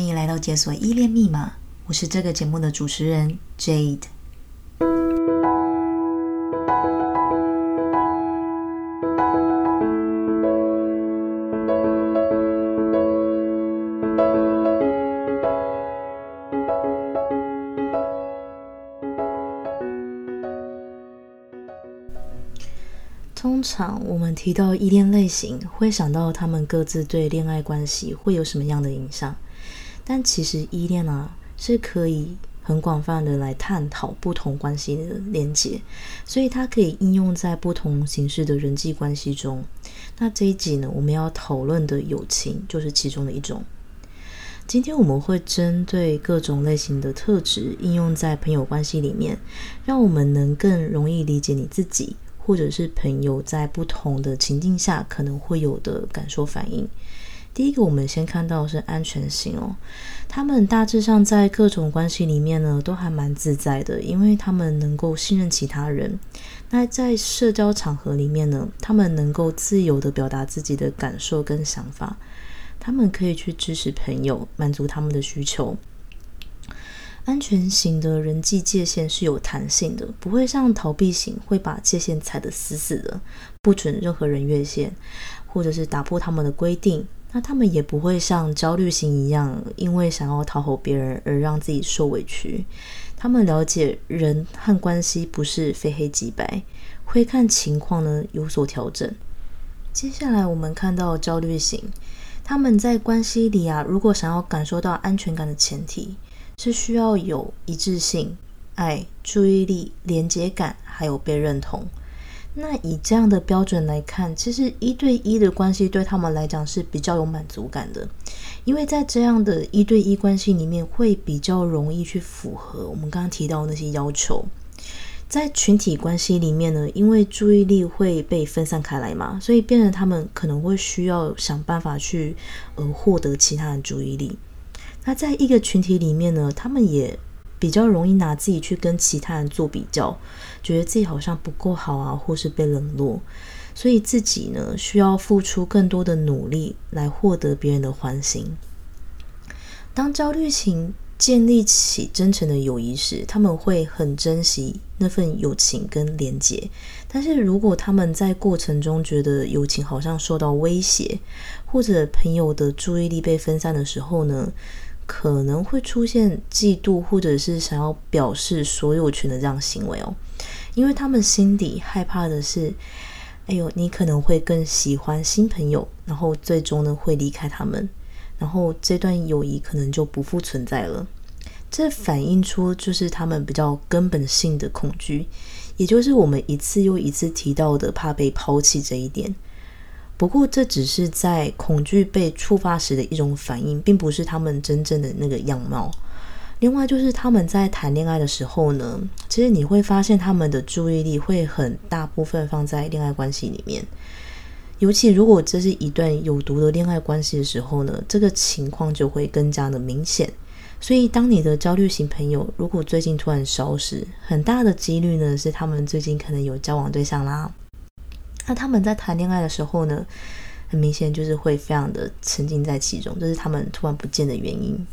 歡迎來到《解鎖依戀密碼》，我是這個節目的主持人 Jade。通常我們提到依戀類型，會想到他們各自對戀愛關係會有什麼樣的影響。但其實依戀呢、啊、是可以很廣泛的來探討不同關係的連接，所以它可以應用在不同形式的人際關係中。那這一集呢，我們要討論的友情就是其中的一種。今天我們會針對各種類型的特質應用在朋友關係裡面，讓我們能更容易理解你自己或者是朋友在不同的情境下可能會有的感受反應。第一個，我們先看到的是安全型哦。他們大致上在各種關係裡面呢，都還蠻自在的，因為他們能夠信任其他人。那在社交場合裡面呢，他們能夠自由的表達自己的感受跟想法，他們可以去支持朋友，滿足他們的需求。安全型的人際界限是有彈性的，不會像逃避型會把界限踩得死死的，不准任何人越線，或者是打破他們的規定。那他們也不會像焦慮型一樣，因為想要討好別人而讓自己受委屈。他們了解人和關係不是非黑即白，會看情況呢有所調整。接下來我們看到焦慮型，他們在關係裡啊，如果想要感受到安全感的前提，是需要有一致性、愛、注意力、連接感、還有被認同。那以這樣的標準來看，其實一對一的關係對他們來講是比較有滿足感的，因為在這樣的一對一關係裡面，會比較容易去符合我們剛剛提到的那些要求。在群體關係裡面呢，因為注意力會被分散開來嘛，所以變成他們可能會需要想辦法去呃獲得其他的注意力。那在一個群體裡面呢，他們也比較容易拿自己去跟其他人做比較，覺得自己好像不夠好啊，或是被冷落，所以自己呢需要付出更多的努力來獲得別人的歡心。當焦慮型建立起真誠的友誼時，他們會很珍惜那份友情跟連結。但是如果他們在過程中覺得友情好像受到威脅，或者朋友的注意力被分散的時候呢，可能會出現嫉妒或者是想要表示所有權的這樣行為哦，因為他們心底害怕的是，哎呦，你可能會更喜歡新朋友，然後最終呢會離開他們，然後這段友誼可能就不復存在了。這反映出就是他們比較根本性的恐懼，也就是我們一次又一次提到的怕被拋棄這一點。不過這只是在恐懼被觸發時的一種反應，並不是他們真正的那個樣貌。另外就是他們在談戀愛的時候呢，其實你會發現他們的注意力會很大部分放在戀愛關係裡面，尤其如果這是一段有毒的戀愛關係的時候呢，這個情況就會更加的明顯。所以當你的焦慮型朋友如果最近突然消失，很大的幾率呢，是他們最近可能有交往對象啦。那他們在談戀愛的時候呢，很明顯就是會非常的沉浸在其中，這是他們突然不見的原因。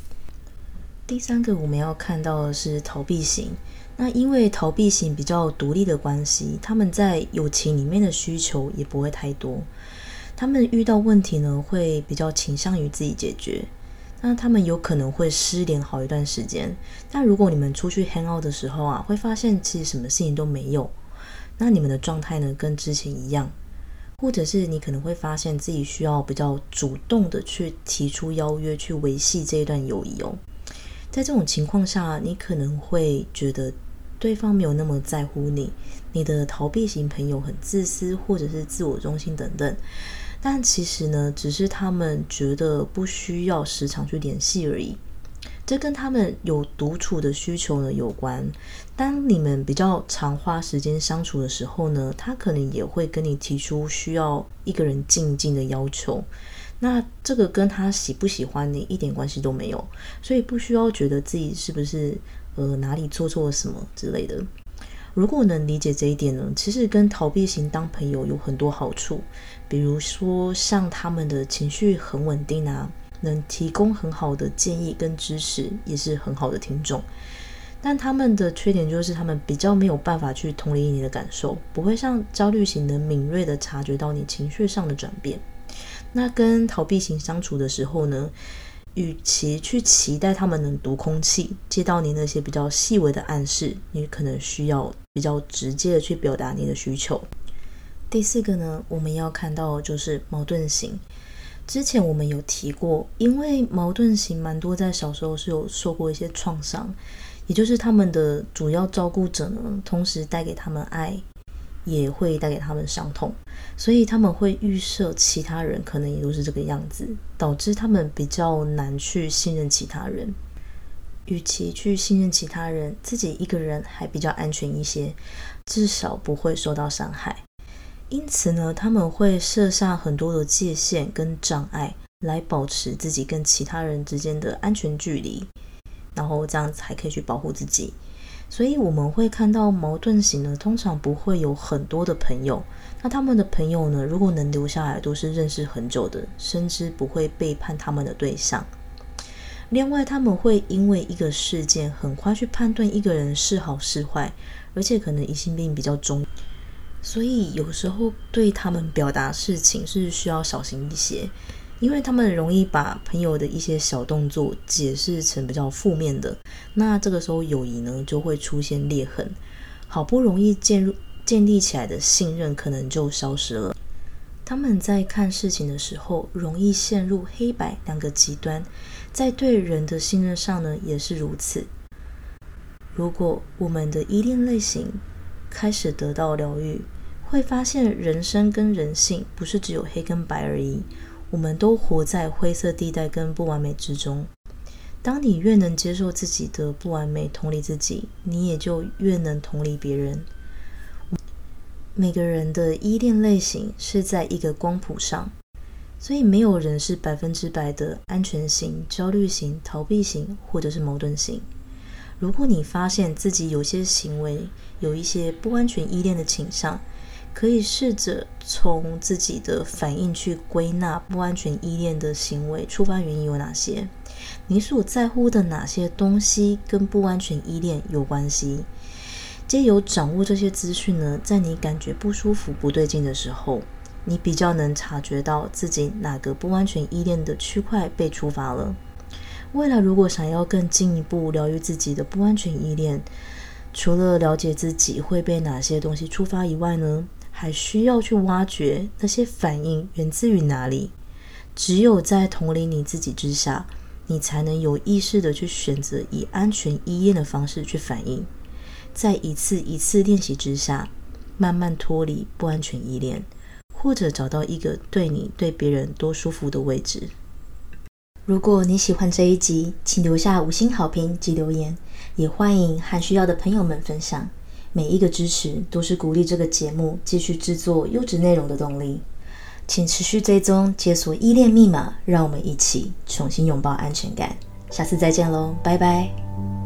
第三個我們要看到的是逃避型，那因為逃避型比較獨立的關係，他們在友情裡面的需求也不會太多。他們遇到問題呢，會比較傾向於自己解決。那他們有可能會失聯好一段時間。但如果你們出去 hang out 的時候啊，會發現其實什麼事情都沒有。那你們的狀態呢，跟之前一樣，或者是你可能會發現自己需要比較主動的去提出邀約，去維繫這一段友誼哦。在這種情況下，你可能會覺得對方沒有那麼在乎你，你的逃避型朋友很自私或者是自我中心等等，但其實呢，只是他們覺得不需要時常去聯繫而已。這跟他們有獨處的需求呢有關。當你們比較常花時間相處的時候呢，他可能也會跟你提出需要一個人靜靜的要求。那這個跟他喜不喜歡你一點關係都沒有，所以不需要覺得自己是不是呃哪裡做錯了什麼之類的。如果能理解這一點呢，其實跟逃避型當朋友有很多好處，比如說像他們的情緒很穩定啊。能提供很好的建議跟支持，也是很好的聽眾，但他們的缺點就是他們比較沒有辦法去同理你的感受，不會像焦慮型的敏銳的察覺到你情緒上的轉變。那跟逃避型相處的時候呢，與其去期待他們能讀空氣，接到你那些比較細微的暗示，你可能需要比較直接的去表達你的需求。第四個呢，我們要看到就是矛盾型。之前我們有提過，因為矛盾型蠻多在小時候是有受過一些創傷，也就是他們的主要照顧者呢，同時帶給他們愛，也會帶給他們傷痛，所以他們會預設其他人可能也都是這個樣子，導致他們比較難去信任其他人。與其去信任其他人，自己一個人還比較安全一些，至少不會受到傷害。因此呢，他們會設下很多的界限跟障礙，來保持自己跟其他人之間的安全距離，然後這樣才可以去保護自己。所以我們會看到矛盾型呢，通常不會有很多的朋友。那他們的朋友呢，如果能留下來，都是認識很久的，甚至不會背叛他們的對象。另外，他們會因為一個事件很快去判斷一個人是好是壞，而且可能疑心病比較重。所以有時候對他們表達事情是需要小心一些，因為他們容易把朋友的一些小動作解釋成比較負面的，那這個時候友誼呢就會出現裂痕，好不容易建立建立起來的信任可能就消失了。他們在看事情的時候容易陷入黑白兩個極端，在對人的信任上呢也是如此。如果我們的依戀類型開始得到療癒。會發現人生跟人性不是只有黑跟白而已，我們都活在灰色地帶跟不完美之中。當你越能接受自己的不完美，同理自己，你也就越能同理別人。每個人的依戀類型是在一個光譜上，所以沒有人是百分之百的安全型、焦慮型、逃避型或者是矛盾型。如果你發現自己有些行為，有一些不安全依戀的傾向，可以試着從自己的反應去歸納不安全依戀的行為觸發原因有哪些，你所在乎的哪些東西跟不安全依戀有關係？藉由掌握這些資訊呢，在你感覺不舒服、不對勁的時候，你比較能察覺到自己哪個不安全依戀的區塊被觸發了。未來如果想要更進一步療癒自己的不安全依戀，除了了解自己會被哪些東西觸發以外呢，還需要去挖掘那些反應源自於哪裡。只有在同理你自己之下，你才能有意識地去選擇以安全依戀的方式去反應。在一次一次練習之下，慢慢脫離不安全依戀，或者找到一個對你對別人多舒服的位置。如果你喜歡這一集，請留下五星好評及留言，也歡迎和需要的朋友們分享。每一個支持都是鼓勵這個節目繼續制作優質內容的動力，請持續追蹤解鎖依戀密碼，讓我們一起重新擁抱安全感。下次再見嘍，拜拜。